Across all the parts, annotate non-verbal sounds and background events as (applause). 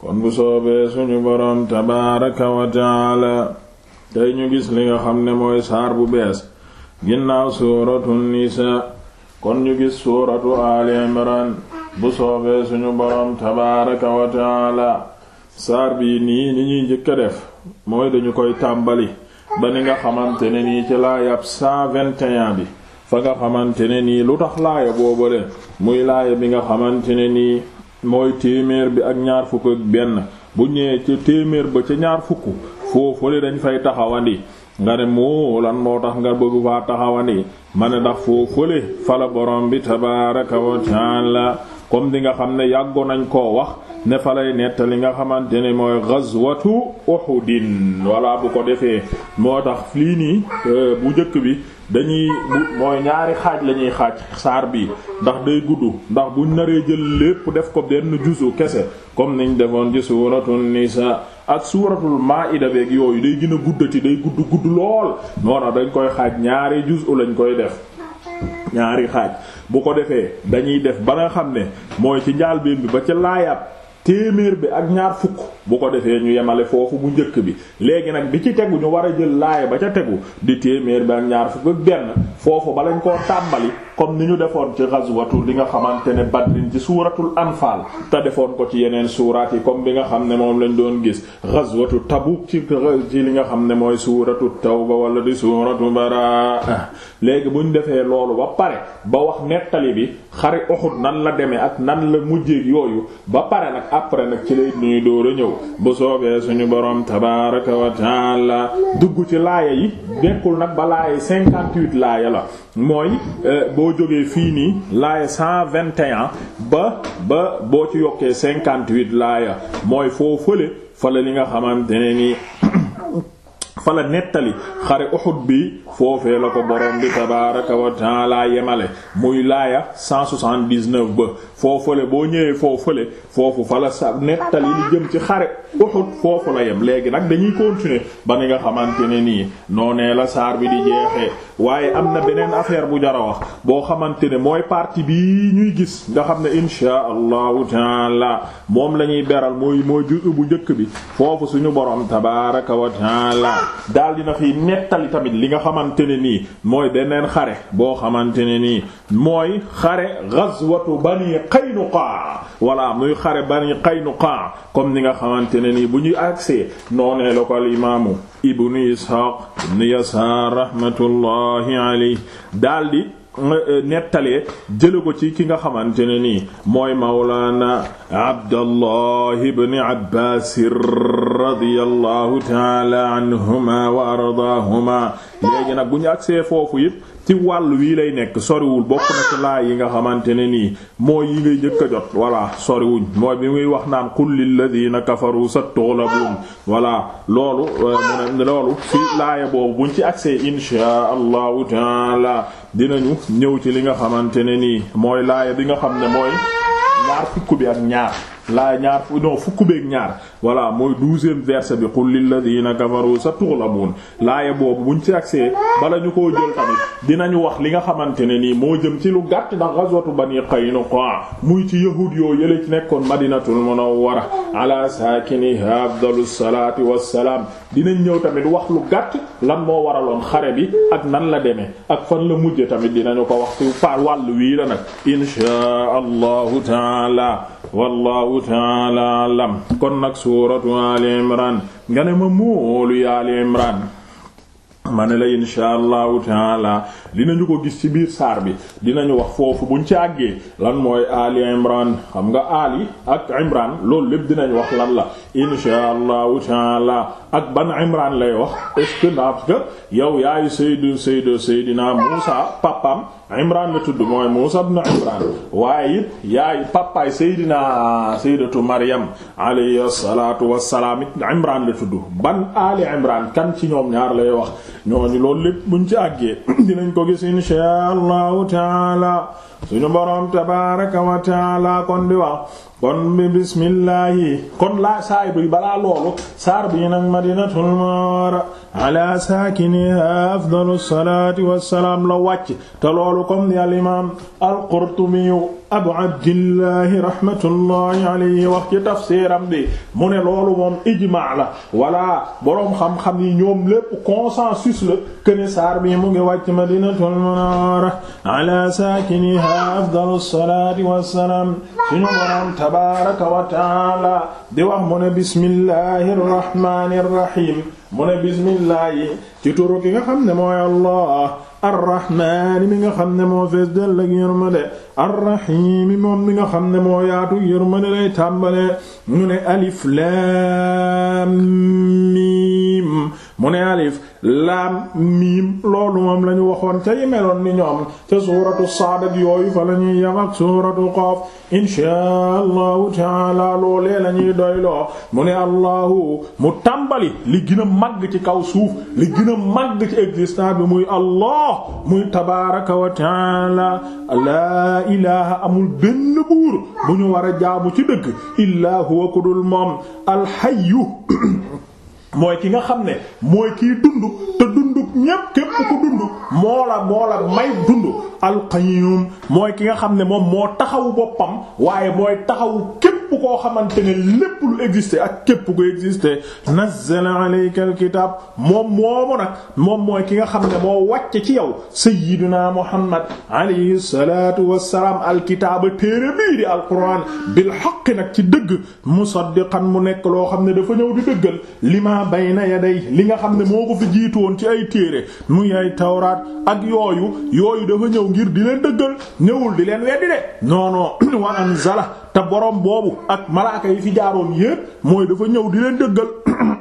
kon bu soobee suñu borom tabaaraka wa taala tey ñu gis li nga xam ne mooy saar bu bees ginnaaw suuratu nisaa kon ñu gis suuratu aali imran bu soobee suñu boroom tabaaraka wa saar bii nii ni ñuy njëkk def mooy dañu koy tàmbali ba ni nga xamante ne nii ci laayab 121 bi fa nga xamante ne nii lu tax laaya boobale muy laaya bi nga xamante ne nii mooy téeméer bi ak ñaar fukk ak benn bu ñëwee ca téeméer ba ca ñaar fukk foofale dañ fay taxawandi nga ne moo moo tax nga bëgg faa taxawandi ma ne ndax foofale fala borom bi tabaaraka wa taala comme di nga xam ne yàggoon nañ ko wax ne fa lay nettali nga xamante ne mooy ghazwatu uhudin walla bu ko defee moo tax lii nii euh, bu njëkk bi dañuy mooy ñaari xaaj lañuy ñuy xaaj saar bi ndax day gudd ndax buñ naree jël lépp def ko benn juzu kese comme niñ defoon ci suuratul nisa ak suuratul maida beeg yooyu day gën a guddati day gudd gudd lool noonu dañ koy xaaj ñaari juzu lañ koy def ñaari xaaj bu ko defee dañuy def ba nga xam ne mooy ci njaal bi ba ci laayaat téeméer bi ak ñaar fukk bu ko defee ñu yemale foofu bu njëkk bi léegi nag bi ci tegu ñu war a jël laaya ba ca tegu di téeméer ba ñaar fukk ak benn foofu ba lañ koo tàmbali comme ni ñu defoon ci ghazwatu li nga xamante ne badrin ci suuratul anfaal te defoon ko ci yeneen suuraat yi comme bi nga xam ne moom lañ doon gis ghazwatu tabu ci ci li nga xam ne mooy suuratu ba wala di suuratu baraa léegi buñ defee loolu ba pare ba wax nettali bi xare Uhud nan la demee ak nan la mujjee yooyu ba pare nag après nag ci lay ñuy door a ñëw bu soobee suñu borom tabaaraka wa dugg ci laaya yi bekkul nag ba laaya yi la mooy euh, boo jógee fii nii laaya cent vingt et un ba ba boo ci yokkee cinquante-huit laaya mooy foo fële fële li nga xamante ne nii fala la nettali xare Uhud bi foofee la ko borom bi tabaaraka wa taala yemale muy laaya 179 ba foofale boo ñëwee foofale foofu fa la sa nettali li jëm ci xare Uhud foofu la yem léegi nag dañuy continuer ba ni nga xamante ne nii noonee la saar bi di jeexee waaye am na beneen affaire bu jar a wax boo xamante ne mooy partie bi ñuy gis nga xam ne insha allahu taala moom lañuy ñuy beral mooy mooy juzu bu njëkk bi foofu suñu borom tabaraka wa taala daal dina fi nettali tamit li nga xamante ne nii mooy beneen xare boo xamante ne nii mooy xare ghazwatu bani qaynuqa wala muy xare ba bani qaynuqa comme ni nga xamante ne nii bu ñuy accès noonee la al imaamu ibnu ishaq ibn yasaar rahmatullahi alayhi daldi eh, nettalee jële ko ci ki nga xamante ne nii mooy mawlaana abdallah ibn abbaasir radiyallahu taala anhuma wa ardaahuma léegi nag bu ñu agsee foofu yëpp ci wàll wii lay nekk soriwul bokk na ci laay yi nga xamante ne nii mooy yi ngay jëkk a jot voilà soriwuñ mooy bi muy wax naan qul lil ladina kafaru satughlabun voilà loolu euh, mu ne loolu fi laaya boobu buñ ci agsee inshaa allahu taala dinañu ñëw ci li nga xamante ne nii mooy laaya bi nga xam ne mooy ñaar fukk bi ak ñaar laa ñaar fu non fukk beeg ñaar voilà mooy douzième verset bi qul lilladina kafaru satughlamun laaya boobu buñ ci agsee bala ñu koo jël tamit dinañu wax li nga xamante ne nii moo jëm ci lu gàtt ndax ghazwatu bani qaynuqa muy ci yahud yoo yële ci nekkoon madinatul munawwara ala saakiniha afdalu salaati wassalaam dinañ ñëw tamit wax lu gàtt lan moo waraloon xare bi ak nan la demee ak fan la mujje tamit dinañu ko wax wàll par wii la nag inshaa allahu taala wallahu taala alam kon nag suuratu ali imran nga ne ma moolu ali imran ma ne la insha allahu taala dinañu ko gis ci biir saar bi dinañu wax foofu buñ ci àggee lan mooy ali imran xam nga ali ak imran loolu lépp dinañ wax lan la insha allahu taala ak ban imran lay wax est-ce que ndax yow yaayu sayyidu sayyidu sayyidina Muusa Imran la tudd mooy Muusa ibn Imran waaye it yaay papaay Seydina Sayyidatu Maryam alayhi salaatu wassalaam it Imran la tudd ban aali Imran kan ci ñoom ñaar lay wax ñooñu loolu lépp buñ ci àggee (clears throat) dinañ ko gis inshaa Allahu taala suñu boroom tabaaraka wa taala kon bi bismillaahi kon laa saay bi balaa loolu saar bii nag madinatul munawwara ala saakiniha afdalu salaati wassalaam la wàcc te loolu comme ni al imaam al qurtubiyu abu abdillahi rahmatullahi alayhi wax ci tafsiram bi mu ne loolu moom ijmaa la walla boroom xam-xam yi ñoom lépp consensus la këne saar bi mu ngi wàcc madinatul munawwara ala saakiniha afdalu salaati wassalaam suñu boroom tabaaraka wa taala di wax mu ne bismillahir rahmaanir rahiim mu ne bismillah yi ci turu ki nga xam ne mooy allah arrahmaani mi nga xam ne moo fees dell ak yërmande arrahiimi moom mi nga xam ne moo yaatu yërmande lay tàmbale mu alif laam mu ne alif laam miim loolu moom la ñu waxoon ca yi meloon ni ñoom ca suuratu saad ak yooyu fa la ñuy yam ak suuratu qaaf inshaa allahu taala loolee la ñuy doyloo mu ne allahu mu tàmbali li gën a màgg ci kaw suuf li gën a màgg ci existence bi muy allah muy tabaaraka wa taala laa ilaha amul benn buur bu ñu war a jaamu ci dëgg illaa huwa kudul moom alhayyu mooy ki nga xam ne mooy kiy dund te dund ñépp képp ku dund moo la moo la may dund alqayyum mooy ki nga xam ne moom moo taxawu boppam waaye mooy taxawu képp koo xamante ne lépp lu existé ak képp ko existé nazzala alayka alkitab moom moomu moom mooy ki nga xam ne moo wàcce ci yow sayyidina muhammad alayhi salatu wassalaam alkitaaba téere bii di alquran bil haqq nag ci dëgg mu musaddiqan mu nekk loo xam ne dafa ñëw di dëggal lima bayna yaday li nga xam ne moo ko fi jiitoon ci ay téere muy ay tawraat ak yooyu yooyu dafa ñëw ngir di leen dëggal ñëwul di leen weddi de non non (clears throat) wa anzala te borom boobu ak malaaka yi fi jaaroon yépp mooy dafa ñëw di leen dëggal (clears throat)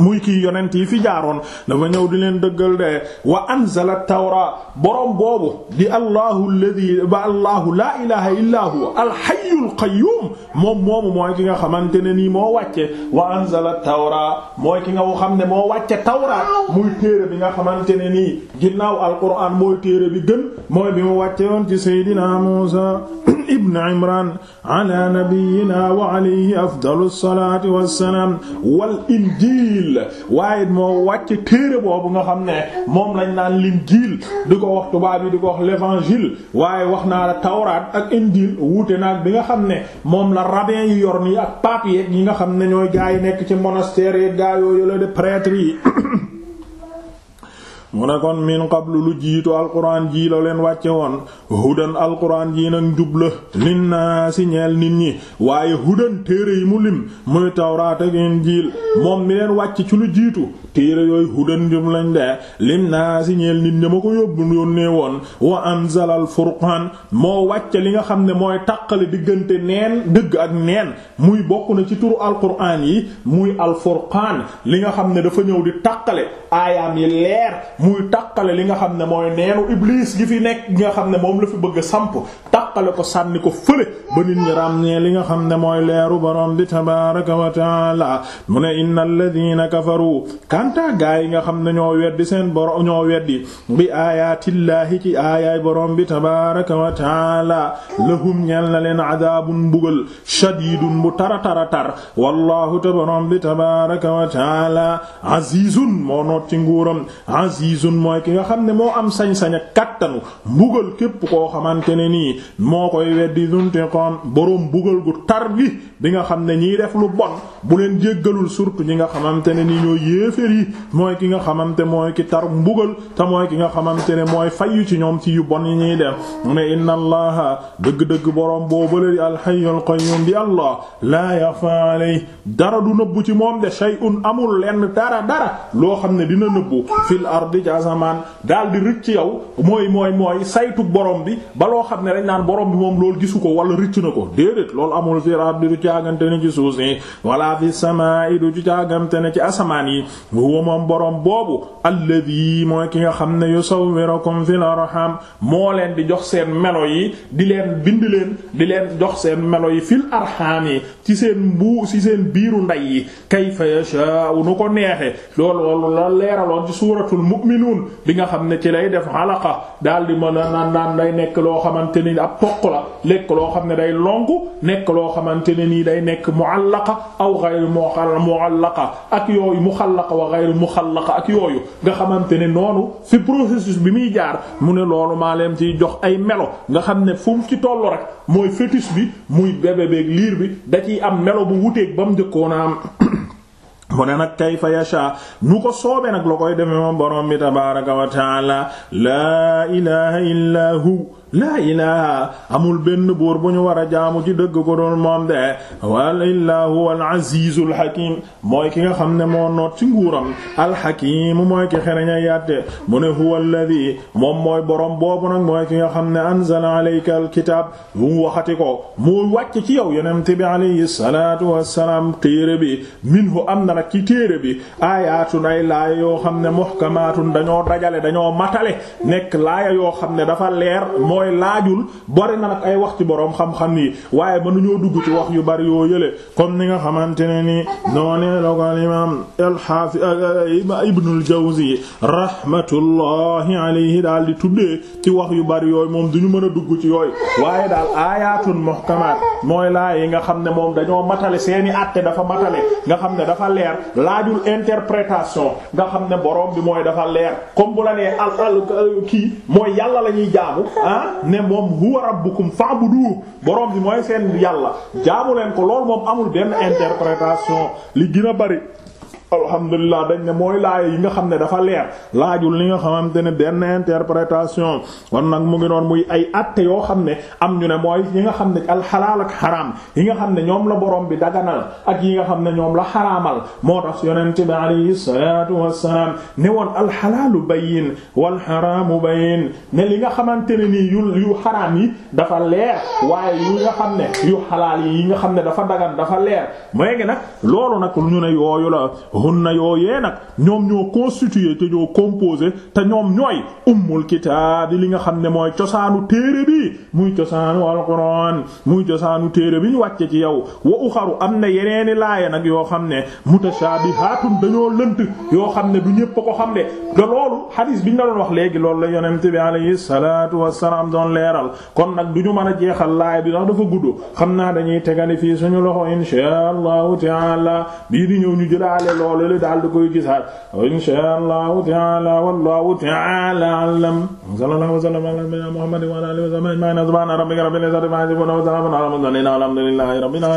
muy kii yonent yi fi jaaroon dafa ñëw di leen dëggal de wa anzala tawra boroom boobu di allahu alladi ba allahu laa ilaha illa huwa alhayyul qayyum moom moomu mooy ki nga xamante ne nii moo wàcce wa anzala tawra mooy ki nga xam ne moo wàcce tawra muy téere bi nga xamante ne nii ginnaaw alquran mooy téere bi gën mooy bi mu wàcce woon ci saydina Muusa ibn Imran ala nabiyyina wa alayhi afdalus salati wassalam wal injil injiil waaye moo wàcc téere boobu nga xam ne moom lañ naan linjiil di ko wax tubaab yi di ko wax l'évangile waaye wax naa la tawraat ak injiil wuute naa bi nga xam ne moom la rabbin yi yor nii ak pape yi nga xam ne ñooy gaa yi nekk ci monastère yi gaa yooyu la de prêtre yi mu ne kon min qablu lu jiitu alquran ji la leen wàcce woon hudan alquran ji nag njub la lin naa si ñeel nit ñi waaye hudan téere yi mu lim muy tawraat ak injiil moom mi leen wàcc ci lu jiitu téere yooyu hudan njub lañ de lim naa si ñeel nit ñi ma ko yóbbu yónnee woon wa am al furqaan moo wàcce li nga xam ne mooy taqale diggante neen dëgg ak neen muy bokk na ci turu alquran yi muy alfurqaan li nga xam ne dafa ñëw di taqale aayaam yi leer muy tàqale li nga xam ne mooy neenu iblis gi fi nekk nga xam ne moom la fi bëgg a samp tàqale ko sànni ko fële ba nit ñi ràññee li nga xam ne mooy leeru borom bi tabaaraka wa taala mu ne innal ladina kafaru kanta gaa yi nga xam ne ñoo weddi seen borom ñoo weddi bi aayatillaahi ci aayaay borom bi tabaaraka wa taala lahum ñel na leen adaabun mbugal shadiidun bu tara tara tar wallahu ta borom bi tabaaraka wa taala azizun moo noot ci nguuram azizun mooy ki xam ne moo am sañ-sañ kàttanu mbugal képp koo xamante ne nii moo koy weddi duntiqoon boroom mbugal gu tar bi bi nga xam ne ñiy def lu bon bu leen jéggalul surtout ñi nga xamante ne nii ñooy yéeféer yi mooy ki nga xamante mooy ki tar mbugal te mooy ki nga xamante ne mooy fayyu ci ñoom ci yu bon yi ñuy def mu ne inna allaha dëgg-dëgg boroom boobale di alhayyul qayyum di allah laa yaxfa dara du nëbbu ci moom de shay'un amul lenn dara dara loo xam ne dina nëbbu fil ardi ci asamaan daal di rëcc yow mooy mooy saytu borom bi ba loo xam ne dañ naan borom bi moom loolu gisu ko wala rëcc na ko déedéet loolu amul fi ardi du caagante ne ci suuf si wala fi samaa'i du ci caagante ne ci asamaan yi huwa moom borom boobu alladhi moo ki nga xam ne yusawwirukum fil arham moo leen di jox seen melo yi di leen bind leen di leen jox seen melo yi fil arham yi ci seen mbuu ci seen biiru ndey yi kayfa yasha'u nu ko neexe loolu loolu la leeraloon ci suuratul mu'minuun nga xam ne ci lay def halaqa daal di mën a naan naan day nekk loo xamante ni ab toq la lekk loo xam ne day lonku nekk loo xamante ne nii day nekk mu'allaqa aw ghayr mu'allaqa ak yooyu muxallaqa wa ghayr muxallaqa ak yooyu nga xamante ne noonu fi processus bi muy jaar mu ne loolu maa leen ciy jox ay melo nga xam ne fu ci tollu rek mooy fœtus bi muy bébé beeg liir bi da ciy am melo bu wuteeg ba mu njëkkoon a (coughs) mu ne nag kayfa yasha nu ko soobe nag la koy defe moom borom bi tabaaraka wa taala laa ilaaha illaa laa ilaha amul benn buur bu ñu war a jaamu ci dëgg ko doon moom de wal illaahu wal azizul hakim mooy ki nga xam ne moo noot ci nguuram alhakim mooy ki xereñ a yatte mu ne huwa alladhi moom mooy borom boobu nag mooy ki nga xam ne anzala alayka alkitab mu waxati ko moo wàcc ci yow yonente bi alayhi salatu wassalaam téere bi minhu am na nag ci téere bi aayaatun ay laaya yoo xam ne muhkamaatun dañoo dajale dañoo matale nekk laaya yoo xam ne dafa leer mooy laajul bari na nag ay wax ci boroom xam-xam yi waaye mënuñoo dugg ci wax yu bari yoo yële comme ni nga xamante ne ni noonee la ko al imaam al-Haafiz Ibnul Jawzi rahmatullahi alayhi daal di tuddee ci wax yu bari yooyu moom duñu mën a dugg ci yooyu waaye daal aayaatun muhkamaat mooy laa yi nga xam ne moom dañoo matale seeni àtte dafa matale nga xam ne dafa leer laajul interprétation nga xam ne boroom bi mooy dafa leer comme bu la nee al al kii mooy yàlla lañu ñuy ah? ne moom huwa rabbukum fa'budu borom bi mooy seen yàlla jaamu leen ko loolu moom amul benn interprétation li gën a bari alhamdulilah dañ ne mooy laay yi nga xam ne dafa leer laajul li nga xamante ne benn interprétation kon nag mu ngi noon muy ay atte yoo xam ne am ñu ne mooy yi nga xam ne alxalaal ak xaraam yi nga xam ne ñoom la borom bi daganal ak yi nga xam ne ñoom la xaraamal moo tax yonent bi alayhi salaatu wassalaam ne woon alxalaalu bayin wal xaraamu bayin ne li nga xamante ne nii yu yu xaraam yi dafa leer waaye yu nga xam ne yu xalaal yi yi nga xam ne dafa dagan dafa leer léegi nag loolu nag ñu ne yooyu hunna yooyee nag ñoom ñoo constitué te ñoo composé te ñoom ñooy ummul kitaab li nga xam ne mooy cosaanu téere bi muy cosaanu alquran muy cosaanu téere bi ñu wàcce ci yow wa uxaru am na yeneeni laaya nag yoo xam ne mutashabihatun dañoo lënt yoo xam ne du ñépp a ko xam de te loolu hadis bi ñu la doon wax léegi loolu la yonent bi alayhi salaatu wassalaam doon leeral kon nag du ñu mën a jeexal laaya bi ndax dafa gudd xam naa dañuy tegale fii suñu loxo insha ñu loola le daal di koy gisaat insha allahu taala wallahu taala alam sallallahu wa sallam ala nabiyyina muhammadin wa ala alihi wa sahbihi ajma'in subhana rabbika rabbil izzati amma yasifun wa salamun ala al mursalin alhamdulillahi rabbil alamin